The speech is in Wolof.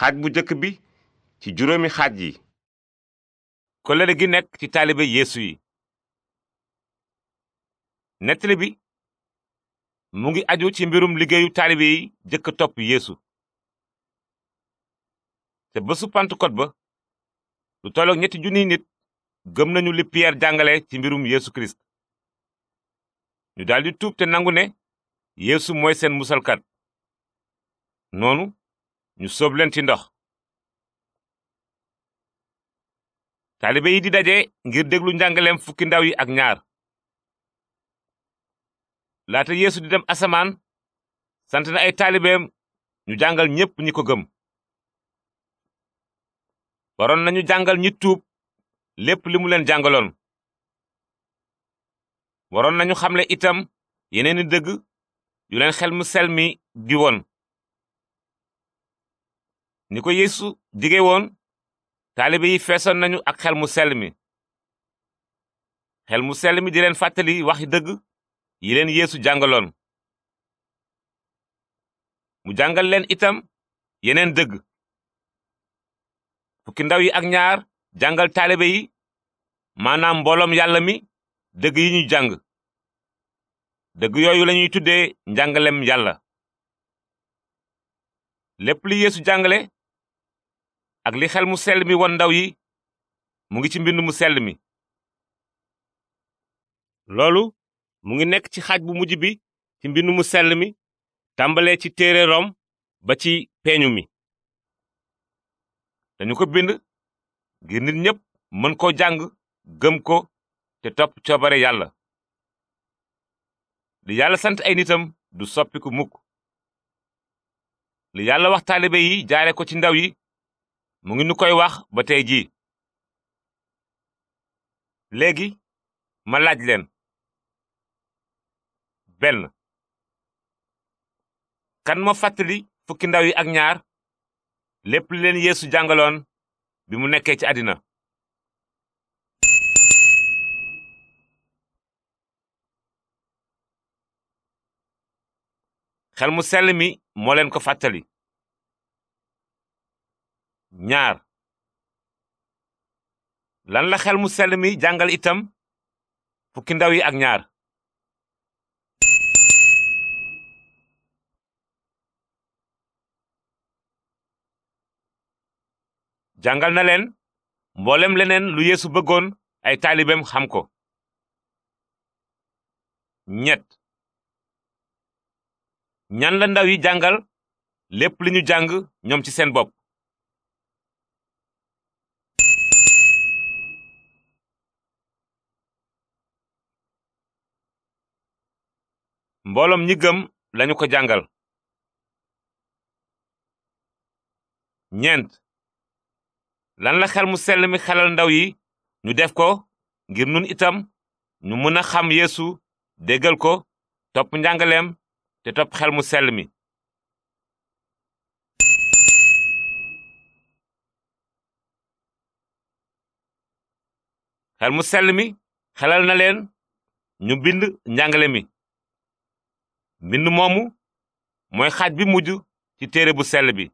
xaaj bu njëkk bi ci juróomi xaaj yi kolere gi nekk ci taalibe yéesu yi nettali bi mu ngi aju ci mbirum liggéeyu taalibe yi jëkk topp yéesu te bésu Pentecôte ba lu tolloog ñetti junniy nit gëm nañu li Pierre jàngale ci mbirum yéesu kirist ñu daldi tuub te nangu ne yeesu mooy seen musalkat noonu ñu sóob ci ndox taalibe yi di daje ngir déglu njàngaleem fukki ndaw yi ak ñaar laata yeesu di dem asamaan sant na ay taalibeem ñu jàngal ñépp ñi ko gëm waroon nañu jàngal ñi tuub lépp li mu leen jàngaloon waroon nañu xamle itam yeneeni dëgg yu leen xel mu sel mi di woon ni ko yeesu dige woon taalibe yi feesoon nañu ak xel mu sell mi xel mu sel mi di leen fàttali waxi dëgg yi leen yéesu jàngaloon mu jàngal leen itam yeneen dëgg fukki ndaw yi ak ñaar jàngal taalibe yi maanaam mbooloom yàlla mi dëgg yi ñu jàng dëgg yooyu lañuy ñuy tuddee njàngalem yàlla lépp li yeesu jàngale ak li xel mu sell mi won ndaw yi mu ngi ci mbind mu sell mi loolu mu ngi nekk ci xaaj bu mujj bi ci mbind mu sell mi tàmbalee ci téere rom ba ci peeñu mi dañu ko bind ngir nit ñépp mën ko jàng gëm ko te topp coobare yàlla li yàlla sant ay nitam du soppiku mukk li yàlla wax taalibe yi jaare ko ci ndaw yi mu ngi nu koy wax ba tey jii léegi ma laaj leen benn kan ma fàttali fukki ndaw yi ak ñaar lépp li leen yeesu jàngaloon bi mu nekkee ci àddina xel mu sell mi moo leen ko fàttali ñaar lan la xel mu sell mi jàngal itam fukki ndaw yi ak ñaar jàngal na leen mboolem leneen lu yéesu bëggoon ay taalibeem xam ko ñett ñan la ndaw yi jàngal lépp li ñu jàng ñoom ci seen bopp mbooloom ñi gëm lañu ko jàngal. ñeent lan la xel mu sell mi xelal ndaw yi ñu def ko ngir nun itam ñu mën a xam yéesu déggal ko topp njàngaleem te topp xel mu sell mi. xel mu sell mi xelal na leen ñu bind njàngale mi. mbind moomu mooy xaaj bi mujj ci téere bu sell bi